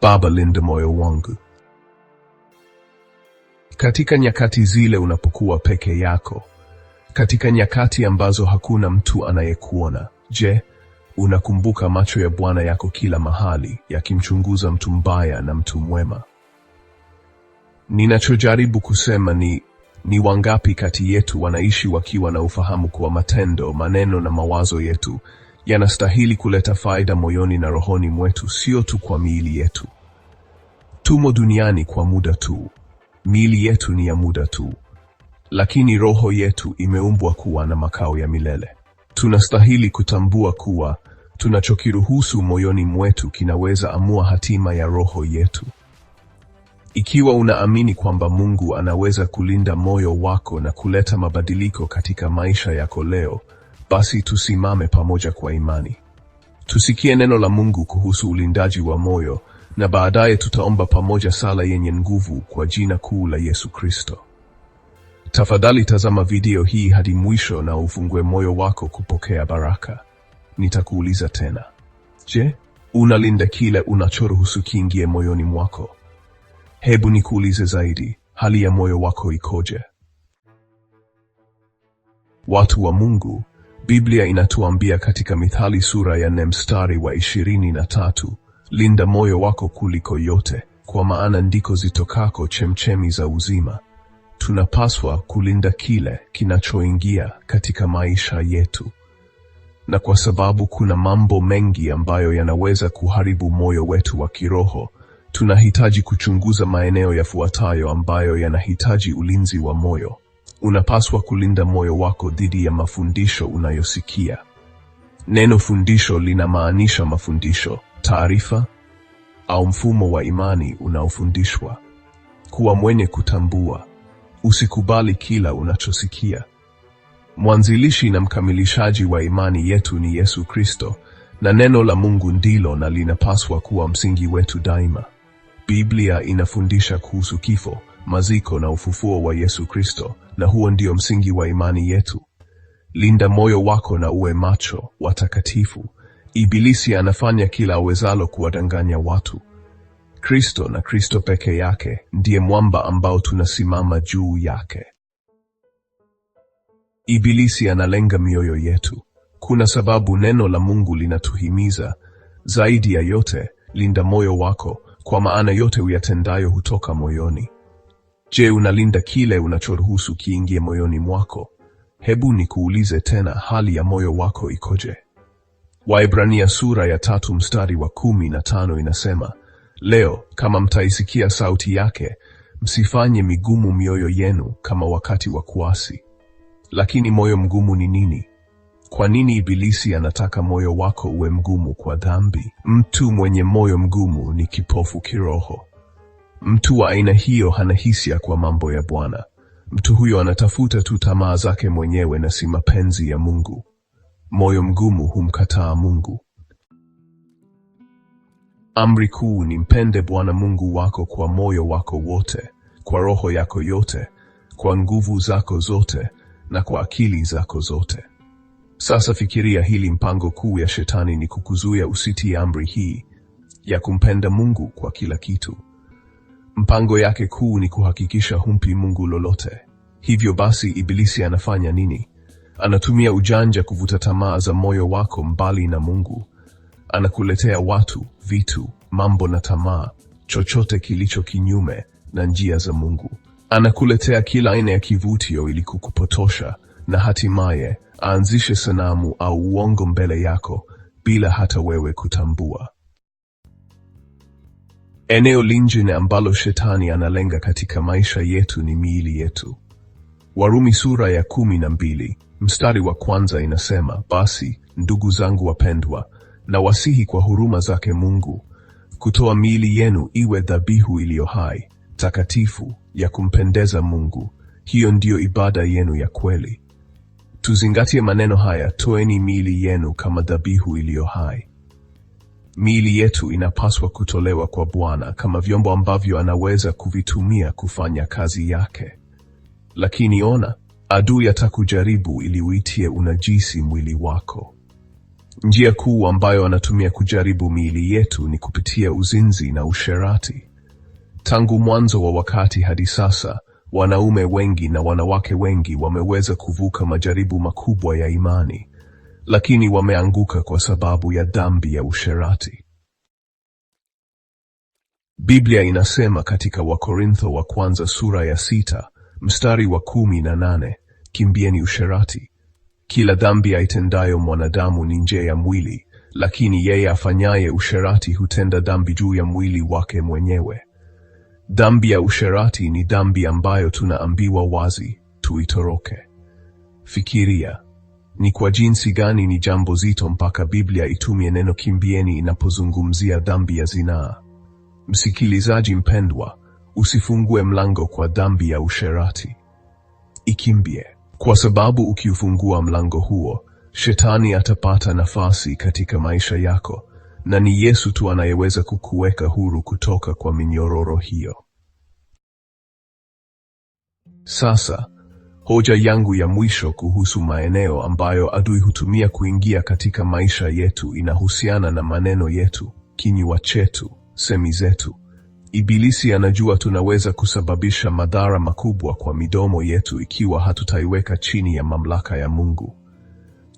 Baba, linda moyo wangu. Katika nyakati zile unapokuwa peke yako, katika nyakati ambazo hakuna mtu anayekuona, je, unakumbuka macho ya Bwana yako kila mahali yakimchunguza mtu mbaya na mtu mwema? Ninachojaribu kusema ni ni wangapi kati yetu wanaishi wakiwa na ufahamu kwa matendo, maneno na mawazo yetu yanastahili kuleta faida moyoni na rohoni mwetu, sio tu kwa miili yetu. Tumo duniani kwa muda tu, miili yetu ni ya muda tu, lakini roho yetu imeumbwa kuwa na makao ya milele. Tunastahili kutambua kuwa tunachokiruhusu moyoni mwetu kinaweza amua hatima ya roho yetu. Ikiwa unaamini kwamba Mungu anaweza kulinda moyo wako na kuleta mabadiliko katika maisha yako leo, basi tusimame pamoja kwa imani, tusikie neno la Mungu kuhusu ulindaji wa moyo, na baadaye tutaomba pamoja sala yenye nguvu kwa jina kuu la Yesu Kristo. Tafadhali tazama video hii hadi mwisho na ufungue moyo wako kupokea baraka. Nitakuuliza tena, je, unalinda kile unachoruhusu kiingie moyoni mwako? Hebu nikuulize zaidi, hali ya moyo wako ikoje? Watu wa Mungu, Biblia inatuambia katika Mithali sura ya nne mstari wa ishirini na tatu, linda moyo wako kuliko yote, kwa maana ndiko zitokako chemchemi za uzima. Tunapaswa kulinda kile kinachoingia katika maisha yetu, na kwa sababu kuna mambo mengi ambayo yanaweza kuharibu moyo wetu wa kiroho, tunahitaji kuchunguza maeneo yafuatayo ambayo yanahitaji ulinzi wa moyo. Unapaswa kulinda moyo wako dhidi ya mafundisho unayosikia. Neno fundisho linamaanisha mafundisho, taarifa au mfumo wa imani unaofundishwa. Kuwa mwenye kutambua, usikubali kila unachosikia. Mwanzilishi na mkamilishaji wa imani yetu ni Yesu Kristo, na neno la Mungu ndilo na linapaswa kuwa msingi wetu daima. Biblia inafundisha kuhusu kifo, maziko na ufufuo wa Yesu Kristo, na huo ndio msingi wa imani yetu. Linda moyo wako na uwe macho watakatifu. Ibilisi anafanya kila awezalo kuwadanganya watu. Kristo na Kristo peke yake ndiye mwamba ambao tunasimama juu yake. Ibilisi analenga mioyo yetu. Kuna sababu neno la Mungu linatuhimiza zaidi ya yote, linda moyo wako, kwa maana yote uyatendayo hutoka moyoni. Je, unalinda kile unachoruhusu kiingie moyoni mwako? Hebu nikuulize tena, hali ya moyo wako ikoje? Waibrania sura ya tatu mstari wa kumi na tano inasema, leo kama mtaisikia sauti yake, msifanye migumu mioyo yenu kama wakati wa kuasi. Lakini moyo mgumu ni nini? Kwa nini Ibilisi anataka moyo wako uwe mgumu kwa dhambi? Mtu mwenye moyo mgumu ni kipofu kiroho. Mtu wa aina hiyo hana hisia kwa mambo ya Bwana. Mtu huyo anatafuta tu tamaa zake mwenyewe na si mapenzi ya Mungu. Moyo mgumu humkataa Mungu. Amri kuu ni mpende Bwana Mungu wako kwa moyo wako wote, kwa roho yako yote, kwa nguvu zako zote na kwa akili zako zote. Sasa fikiria hili, mpango kuu ya shetani ni kukuzuia usitii amri hii ya kumpenda Mungu kwa kila kitu. Mpango yake kuu ni kuhakikisha humpi Mungu lolote. Hivyo basi, Ibilisi anafanya nini? Anatumia ujanja kuvuta tamaa za moyo wako mbali na Mungu. Anakuletea watu, vitu, mambo na tamaa, chochote kilicho kinyume na njia za Mungu. Anakuletea kila aina ya kivutio ili kukupotosha na hatimaye aanzishe sanamu au uongo mbele yako bila hata wewe kutambua. Eneo lingine ambalo shetani analenga katika maisha yetu ni miili yetu. Warumi sura ya kumi na mbili mstari wa kwanza inasema, basi ndugu zangu wapendwa, na wasihi kwa huruma zake Mungu kutoa miili yenu iwe dhabihu iliyo hai, takatifu, ya kumpendeza Mungu, hiyo ndiyo ibada yenu ya kweli. Tuzingatie maneno haya, toeni miili yenu kama dhabihu iliyo hai. Miili yetu inapaswa kutolewa kwa Bwana kama vyombo ambavyo anaweza kuvitumia kufanya kazi yake. Lakini ona, adui atakujaribu ili uitie unajisi mwili wako. Njia kuu ambayo anatumia kujaribu miili yetu ni kupitia uzinzi na usherati. Tangu mwanzo wa wakati hadi sasa, wanaume wengi na wanawake wengi wameweza kuvuka majaribu makubwa ya imani lakini wameanguka kwa sababu ya dhambi ya usherati. Biblia inasema katika Wakorintho wa kwanza sura ya sita mstari wa kumi na nane kimbieni usherati. Kila dhambi aitendayo mwanadamu ni nje ya mwili, lakini yeye afanyaye usherati hutenda dhambi juu ya mwili wake mwenyewe. Dhambi ya usherati ni dhambi ambayo tunaambiwa wazi tuitoroke. Fikiria, ni kwa jinsi gani ni jambo zito mpaka Biblia itumie neno kimbieni inapozungumzia dhambi ya zinaa. Msikilizaji mpendwa, usifungue mlango kwa dhambi ya usherati. Ikimbie, kwa sababu ukiufungua mlango huo, shetani atapata nafasi katika maisha yako, na ni Yesu tu anayeweza kukuweka huru kutoka kwa minyororo hiyo. Sasa Hoja yangu ya mwisho kuhusu maeneo ambayo adui hutumia kuingia katika maisha yetu inahusiana na maneno yetu, kinywa chetu, semi zetu. Ibilisi anajua tunaweza kusababisha madhara makubwa kwa midomo yetu ikiwa hatutaiweka chini ya mamlaka ya Mungu.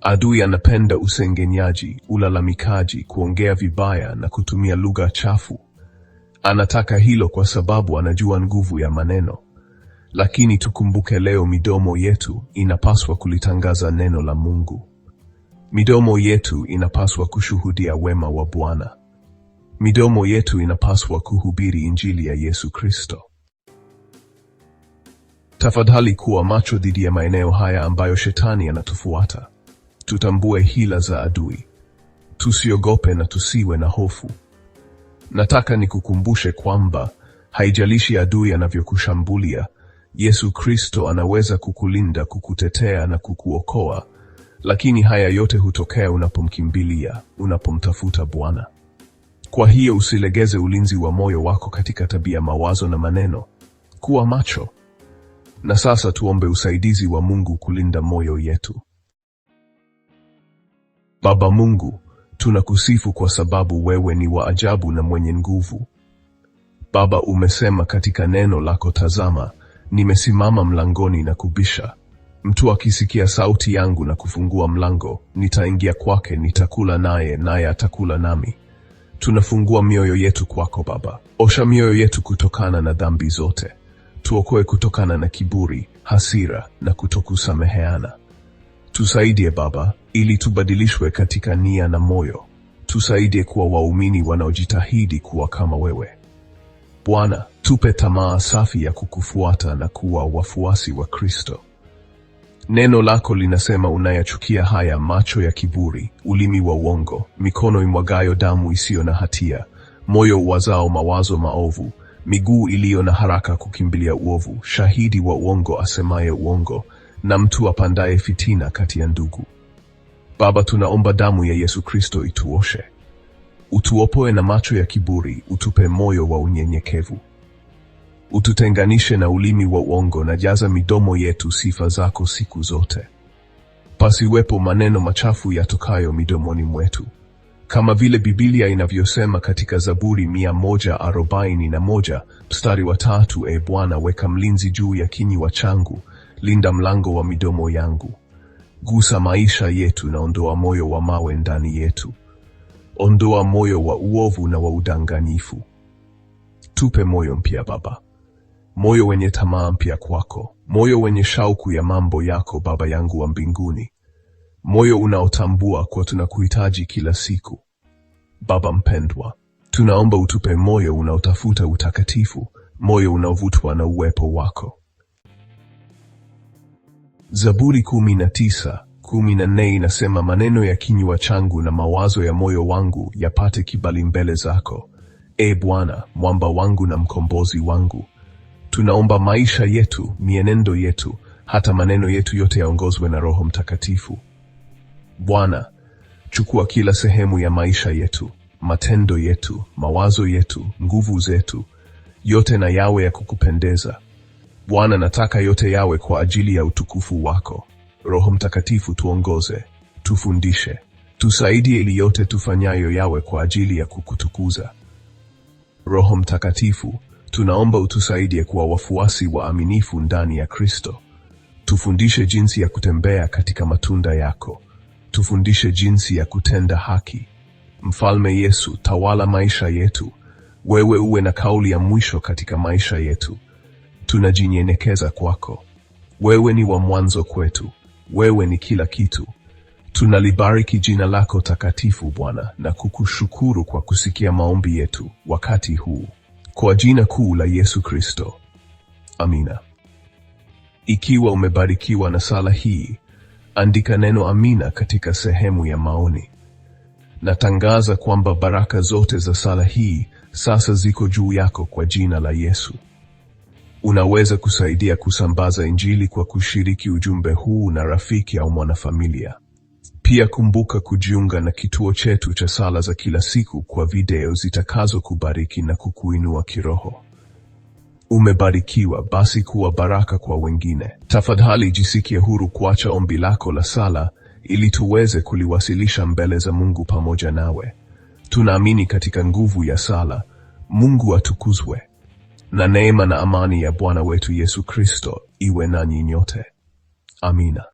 Adui anapenda usengenyaji, ulalamikaji, kuongea vibaya na kutumia lugha chafu. Anataka hilo kwa sababu anajua nguvu ya maneno. Lakini tukumbuke leo midomo yetu inapaswa kulitangaza neno la Mungu. Midomo yetu inapaswa kushuhudia wema wa Bwana. Midomo yetu inapaswa kuhubiri injili ya Yesu Kristo. Tafadhali kuwa macho dhidi ya maeneo haya ambayo shetani anatufuata. Tutambue hila za adui, tusiogope na tusiwe na hofu. Nataka nikukumbushe kwamba haijalishi adui anavyokushambulia Yesu Kristo anaweza kukulinda, kukutetea na kukuokoa, lakini haya yote hutokea unapomkimbilia, unapomtafuta Bwana. Kwa hiyo usilegeze ulinzi wa moyo wako katika tabia, mawazo na maneno. Kuwa macho. Na sasa tuombe usaidizi wa Mungu kulinda moyo yetu. Baba Mungu, tunakusifu kwa sababu wewe ni wa ajabu na mwenye nguvu. Baba, umesema katika neno lako, tazama Nimesimama mlangoni na kubisha. Mtu akisikia sauti yangu na kufungua mlango, nitaingia kwake, nitakula naye, naye atakula nami. Tunafungua mioyo yetu kwako Baba. Osha mioyo yetu kutokana na dhambi zote. Tuokoe kutokana na kiburi, hasira na kutokusameheana. Tusaidie Baba, ili tubadilishwe katika nia na moyo. Tusaidie kuwa waumini wanaojitahidi kuwa kama wewe. Bwana, tupe tamaa safi ya kukufuata na kuwa wafuasi wa Kristo. Neno lako linasema unayachukia haya macho ya kiburi, ulimi wa uongo, mikono imwagayo damu isiyo na hatia, moyo uwazao mawazo maovu, miguu iliyo na haraka kukimbilia uovu, shahidi wa uongo asemaye uongo, na mtu apandaye fitina kati ya ndugu. Baba, tunaomba damu ya Yesu Kristo ituoshe utuopoe na macho ya kiburi, utupe moyo wa unyenyekevu, ututenganishe na ulimi wa uongo, na jaza midomo yetu sifa zako siku zote. Pasiwepo maneno machafu yatokayo midomoni mwetu, kama vile Biblia inavyosema katika Zaburi mia moja arobaini na moja mstari wa tatu: E Bwana, weka mlinzi juu ya kinywa changu, linda mlango wa midomo yangu. Gusa maisha yetu na ondoa moyo wa mawe ndani yetu. Ondoa moyo wa uovu na wa udanganyifu. Tupe moyo mpya Baba, moyo wenye tamaa mpya kwako, moyo wenye shauku ya mambo yako, Baba yangu wa mbinguni, moyo unaotambua kuwa tunakuhitaji kila siku. Baba mpendwa, tunaomba utupe moyo unaotafuta utakatifu, moyo unaovutwa na uwepo wako. Zaburi kumi na tisa kumi na nne inasema maneno ya kinywa changu na mawazo ya moyo wangu yapate kibali mbele zako, e Bwana, mwamba wangu na mkombozi wangu. Tunaomba maisha yetu, mienendo yetu, hata maneno yetu yote yaongozwe na Roho Mtakatifu. Bwana, chukua kila sehemu ya maisha yetu, matendo yetu, mawazo yetu, nguvu zetu, yote na yawe ya kukupendeza. Bwana, nataka yote yawe kwa ajili ya utukufu wako. Roho Mtakatifu, tuongoze, tufundishe, tusaidie ili yote tufanyayo yawe kwa ajili ya kukutukuza. Roho Mtakatifu, tunaomba utusaidie kuwa wafuasi waaminifu ndani ya Kristo. Tufundishe jinsi ya kutembea katika matunda yako. Tufundishe jinsi ya kutenda haki. Mfalme Yesu, tawala maisha yetu. Wewe uwe na kauli ya mwisho katika maisha yetu. Tunajinyenyekeza kwako. Wewe ni wa mwanzo kwetu wewe ni kila kitu. Tunalibariki jina lako takatifu Bwana, na kukushukuru kwa kusikia maombi yetu wakati huu, kwa jina kuu la Yesu Kristo, amina. Ikiwa umebarikiwa na sala hii, andika neno amina katika sehemu ya maoni. Natangaza kwamba baraka zote za sala hii sasa ziko juu yako kwa jina la Yesu. Unaweza kusaidia kusambaza Injili kwa kushiriki ujumbe huu na rafiki au mwanafamilia. Pia kumbuka kujiunga na kituo chetu cha sala za kila siku kwa video zitakazo kubariki na kukuinua kiroho. Umebarikiwa basi kuwa baraka kwa wengine. Tafadhali jisikie huru kuacha ombi lako la sala ili tuweze kuliwasilisha mbele za Mungu pamoja nawe. Tunaamini katika nguvu ya sala. Mungu atukuzwe. Na neema na amani ya Bwana wetu Yesu Kristo iwe nanyi nyote. Amina.